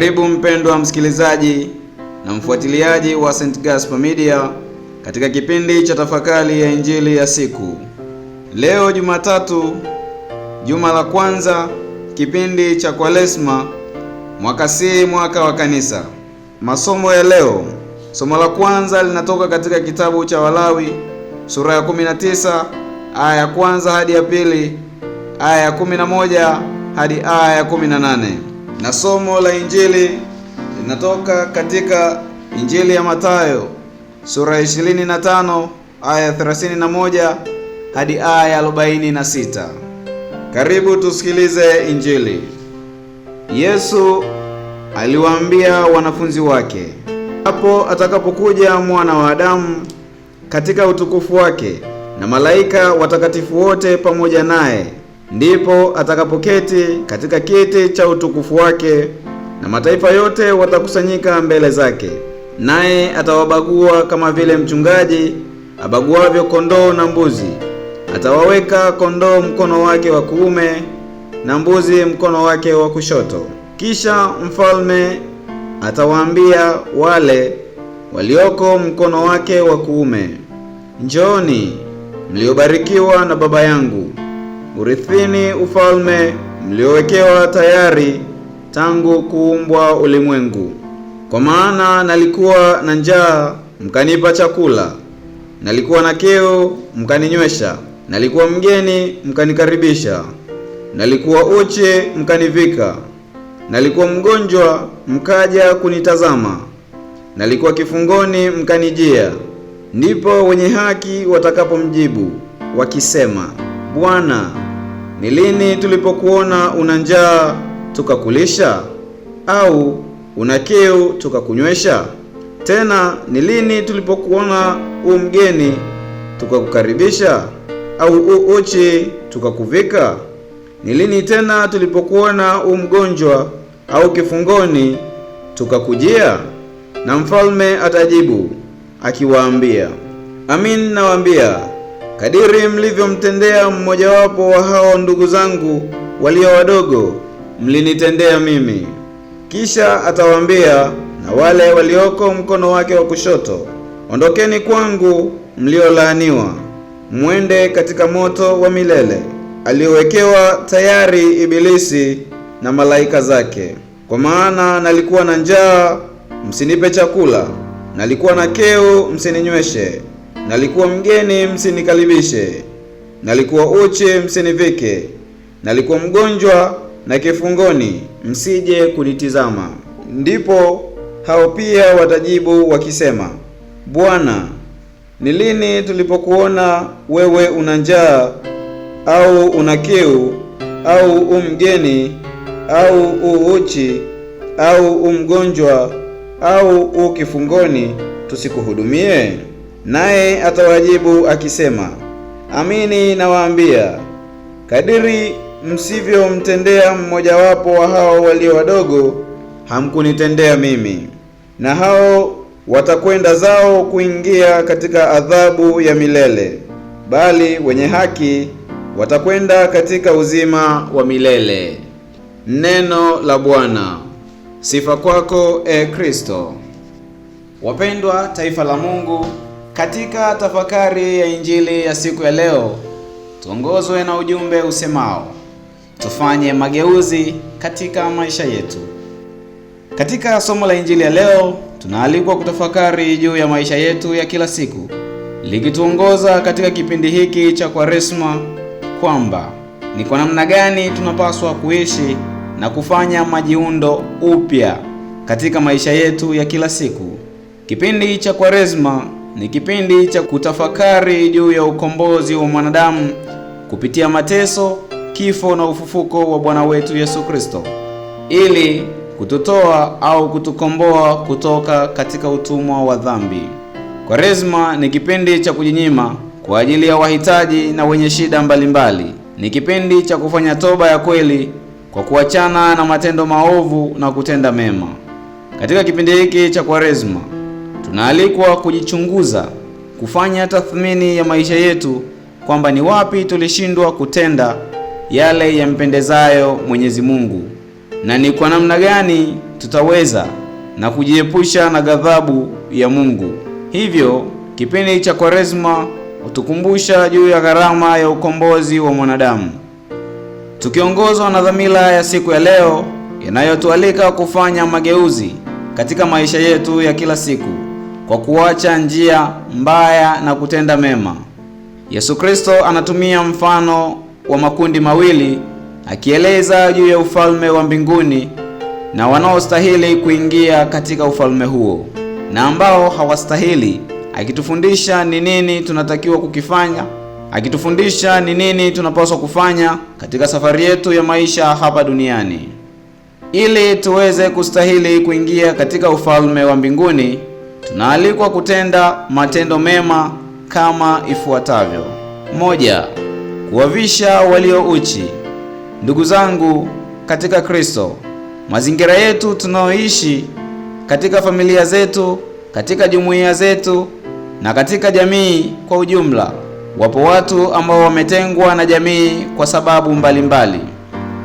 Karibu mpendwa msikilizaji na mfuatiliaji wa St. Gaspar Media katika kipindi cha tafakari ya injili ya siku. Leo Jumatatu, juma la kwanza, kipindi cha Kwaresma, mwaka C, mwaka wa Kanisa. Masomo ya leo, somo la kwanza linatoka katika kitabu cha Walawi sura ya 19 aya ya kwanza hadi ya pili, aya ya 11 hadi aya ya 18 na somo la Injili linatoka katika Injili ya Mathayo sura ya 25 aya 31 hadi aya 46. Karibu tusikilize Injili. Yesu aliwaambia wanafunzi wake, hapo atakapokuja mwana wa Adamu katika utukufu wake na malaika watakatifu wote pamoja naye ndipo atakapoketi katika kiti cha utukufu wake, na mataifa yote watakusanyika mbele zake, naye atawabagua kama vile mchungaji abaguavyo kondoo na mbuzi. Atawaweka kondoo mkono wake wa kuume na mbuzi mkono wake wa kushoto. Kisha mfalme atawaambia wale walioko mkono wake wa kuume, njooni mliobarikiwa na Baba yangu urithini ufalme mliowekewa tayari tangu kuumbwa ulimwengu. Kwa maana nalikuwa na njaa, mkanipa chakula; nalikuwa na kiu, mkaninywesha; nalikuwa mgeni, mkanikaribisha; nalikuwa uchi, mkanivika; nalikuwa mgonjwa, mkaja kunitazama; nalikuwa kifungoni, mkanijia. Ndipo wenye haki watakapomjibu wakisema, Bwana ni lini tulipokuona una njaa tukakulisha, au una kiu tukakunywesha? Tena ni lini tulipokuona u mgeni tukakukaribisha, au u uchi tukakuvika? Ni lini tena tulipokuona u mgonjwa au kifungoni tukakujia? Na mfalme atajibu akiwaambia, amin nawaambia kadiri mlivyomtendea mmojawapo wa hao ndugu zangu walio wadogo, mlinitendea mimi. Kisha atawaambia na wale walioko mkono wake wa kushoto, ondokeni kwangu, mliolaaniwa, mwende katika moto wa milele aliyowekewa tayari Ibilisi na malaika zake. Kwa maana nalikuwa na njaa, msinipe chakula, nalikuwa na keu msininyweshe Nalikuwa mgeni msinikaribishe, nalikuwa uchi msinivike, nalikuwa mgonjwa na kifungoni msije kunitizama. Ndipo hao pia watajibu wakisema, Bwana, ni lini tulipokuona wewe una njaa au una kiu au umgeni au uuchi au umgonjwa au ukifungoni, tusikuhudumie? Naye atawajibu akisema, amini nawaambia, kadiri msivyomtendea mmojawapo wa hao walio wadogo, hamkunitendea mimi. Na hao watakwenda zao kuingia katika adhabu ya milele, bali wenye haki watakwenda katika uzima wa milele. Neno la Bwana. Sifa kwako, e Kristo. Wapendwa taifa la Mungu katika tafakari ya Injili ya siku ya leo, tuongozwe na ujumbe usemao tufanye mageuzi katika maisha yetu. Katika somo la Injili ya leo, tunaalikwa kutafakari juu ya maisha yetu ya kila siku, likituongoza katika kipindi hiki cha Kwaresma kwamba ni kwa namna gani tunapaswa kuishi na kufanya majiundo upya katika maisha yetu ya kila siku. Kipindi cha Kwaresma ni kipindi cha kutafakari juu ya ukombozi wa mwanadamu kupitia mateso, kifo na ufufuko wa Bwana wetu Yesu Kristo ili kututoa au kutukomboa kutoka katika utumwa wa dhambi. Kwaresma ni kipindi cha kujinyima kwa ajili ya wahitaji na wenye shida mbalimbali. Ni kipindi cha kufanya toba ya kweli kwa kuachana na matendo maovu na kutenda mema. Katika kipindi hiki cha Kwaresma Tunaalikwa kujichunguza, kufanya tathmini ya maisha yetu kwamba ni wapi tulishindwa kutenda yale yampendezayo Mwenyezi Mungu na ni kwa namna gani tutaweza na kujiepusha na ghadhabu ya Mungu. Hivyo kipindi cha Kwaresma hutukumbusha juu ya gharama ya ukombozi wa mwanadamu, tukiongozwa na dhamira ya siku ya leo inayotualika kufanya mageuzi katika maisha yetu ya kila siku kwa kuacha njia mbaya na kutenda mema. Yesu Kristo anatumia mfano wa makundi mawili akieleza juu ya ufalme wa mbinguni na wanaostahili kuingia katika ufalme huo na ambao hawastahili, akitufundisha ni nini tunatakiwa kukifanya, akitufundisha ni nini tunapaswa kufanya katika safari yetu ya maisha hapa duniani ili tuweze kustahili kuingia katika ufalme wa mbinguni. Tunaalikwa kutenda matendo mema kama ifuatavyo: moja, kuwavisha walio uchi. Ndugu zangu katika Kristo, mazingira yetu tunaoishi katika familia zetu, katika jumuiya zetu na katika jamii kwa ujumla, wapo watu ambao wametengwa na jamii kwa sababu mbalimbali mbali.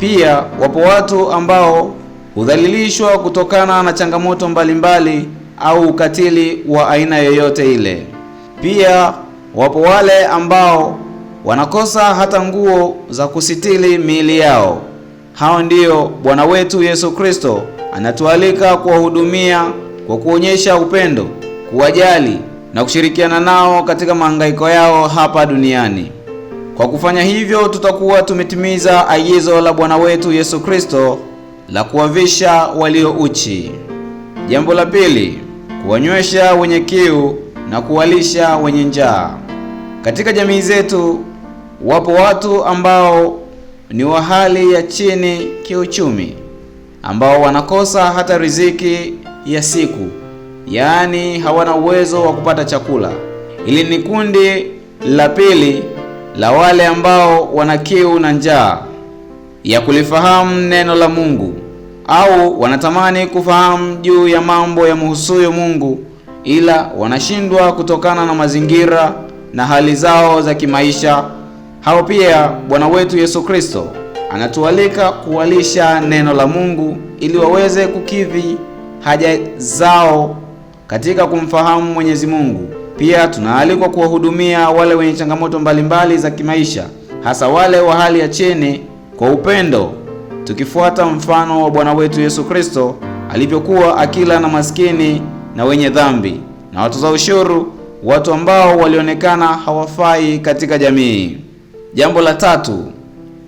Pia wapo watu ambao hudhalilishwa kutokana na changamoto mbalimbali mbali au ukatili wa aina yoyote ile. Pia wapo wale ambao wanakosa hata nguo za kusitili miili yao. Hao ndiyo Bwana wetu Yesu Kristo anatualika kuwahudumia kwa kuonyesha upendo, kuwajali na kushirikiana nao katika mahangaiko yao hapa duniani. Kwa kufanya hivyo, tutakuwa tumetimiza agizo la Bwana wetu Yesu Kristo la kuwavisha walio uchi. Jambo la pili, kuwanywesha wenye kiu na kuwalisha wenye njaa. Katika jamii zetu wapo watu ambao ni wa hali ya chini kiuchumi, ambao wanakosa hata riziki ya siku, yaani hawana uwezo wa kupata chakula. Hili ni kundi la pili la wale ambao wana kiu na njaa ya kulifahamu neno la Mungu au wanatamani kufahamu juu ya mambo ya muhusuyo Mungu, ila wanashindwa kutokana na mazingira na hali zao za kimaisha. Hao pia Bwana wetu Yesu Kristo anatualika kuwalisha neno la Mungu ili waweze kukidhi haja zao katika kumfahamu Mwenyezi Mungu. Pia tunaalikwa kuwahudumia wale wenye changamoto mbalimbali za kimaisha, hasa wale wa hali ya chini kwa upendo tukifuata mfano wa Bwana wetu Yesu Kristo alivyokuwa akila na maskini na wenye dhambi na watoza ushuru, watu ambao walionekana hawafai katika jamii. Jambo la tatu,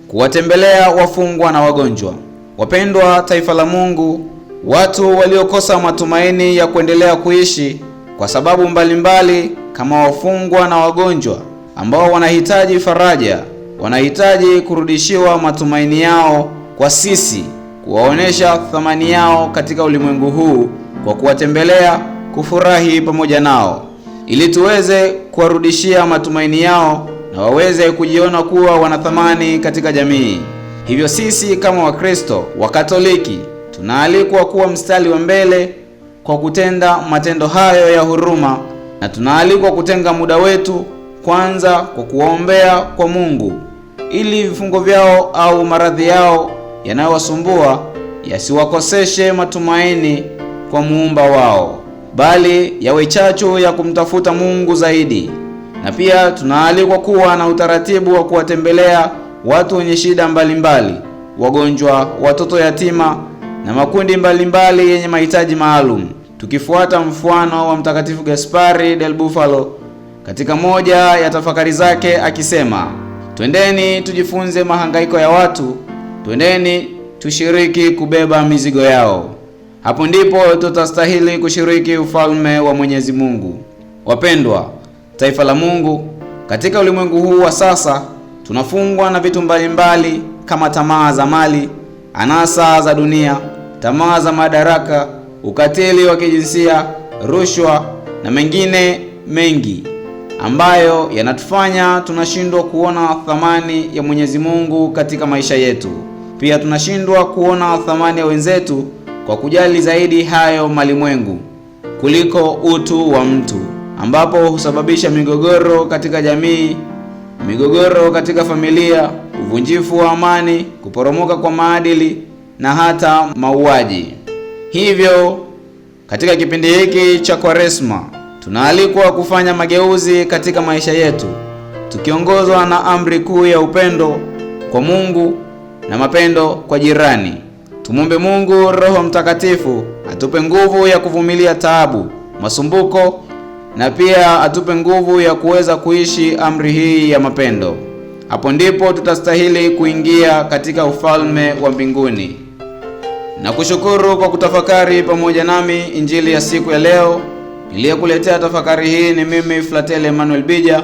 kuwatembelea wafungwa na wagonjwa. Wapendwa taifa la Mungu, watu waliokosa matumaini ya kuendelea kuishi kwa sababu mbalimbali mbali, kama wafungwa na wagonjwa ambao wanahitaji faraja, wanahitaji kurudishiwa matumaini yao kwa sisi kuwaonyesha thamani yao katika ulimwengu huu kwa kuwatembelea, kufurahi pamoja nao, ili tuweze kuwarudishia matumaini yao na waweze kujiona kuwa wana thamani katika jamii. Hivyo sisi kama Wakristo Wakatoliki tunaalikwa kuwa mstari wa mbele kwa kutenda matendo hayo ya huruma, na tunaalikwa kutenga muda wetu kwanza kwa kuwaombea kwa Mungu ili vifungo vyao au maradhi yao yanayowasumbua yasiwakoseshe matumaini kwa muumba wao, bali yawe chachu ya kumtafuta Mungu zaidi. Na pia tunaalikwa kuwa na utaratibu wa kuwatembelea watu wenye shida mbalimbali, wagonjwa, watoto yatima na makundi mbalimbali mbali yenye mahitaji maalum, tukifuata mfano wa Mtakatifu Gaspari del Bufalo katika moja ya tafakari zake akisema, twendeni tujifunze mahangaiko ya watu twendeni tushiriki kubeba mizigo yao, hapo ndipo tutastahili kushiriki ufalme wa Mwenyezi Mungu. Wapendwa taifa la Mungu, katika ulimwengu huu wa sasa tunafungwa na vitu mbalimbali mbali, kama tamaa za mali, anasa za dunia, tamaa za madaraka, ukatili wa kijinsia, rushwa na mengine mengi ambayo yanatufanya tunashindwa kuona thamani ya Mwenyezi Mungu katika maisha yetu. Pia tunashindwa kuona thamani ya wenzetu kwa kujali zaidi hayo malimwengu kuliko utu wa mtu, ambapo husababisha migogoro katika jamii, migogoro katika familia, uvunjifu wa amani, kuporomoka kwa maadili na hata mauaji. Hivyo, katika kipindi hiki cha Kwaresma tunaalikwa kufanya mageuzi katika maisha yetu tukiongozwa na amri kuu ya upendo kwa Mungu na mapendo kwa jirani. Tumwombe Mungu Roho Mtakatifu atupe nguvu ya kuvumilia taabu, masumbuko na pia atupe nguvu ya kuweza kuishi amri hii ya mapendo. Hapo ndipo tutastahili kuingia katika ufalme wa mbinguni. Na kushukuru kwa kutafakari pamoja nami injili ya siku ya leo. Niliyekuletea tafakari hii ni mimi Flatele Emmanuel Bija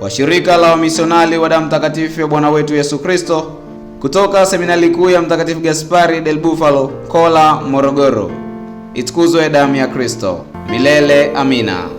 wa shirika la wamisionali wa damu takatifu ya Bwana wetu Yesu Kristo kutoka seminari kuu ya Mtakatifu Gaspari del Bufalo, Kola, Morogoro. Itukuzwe Damu ya Kristo! Milele Amina!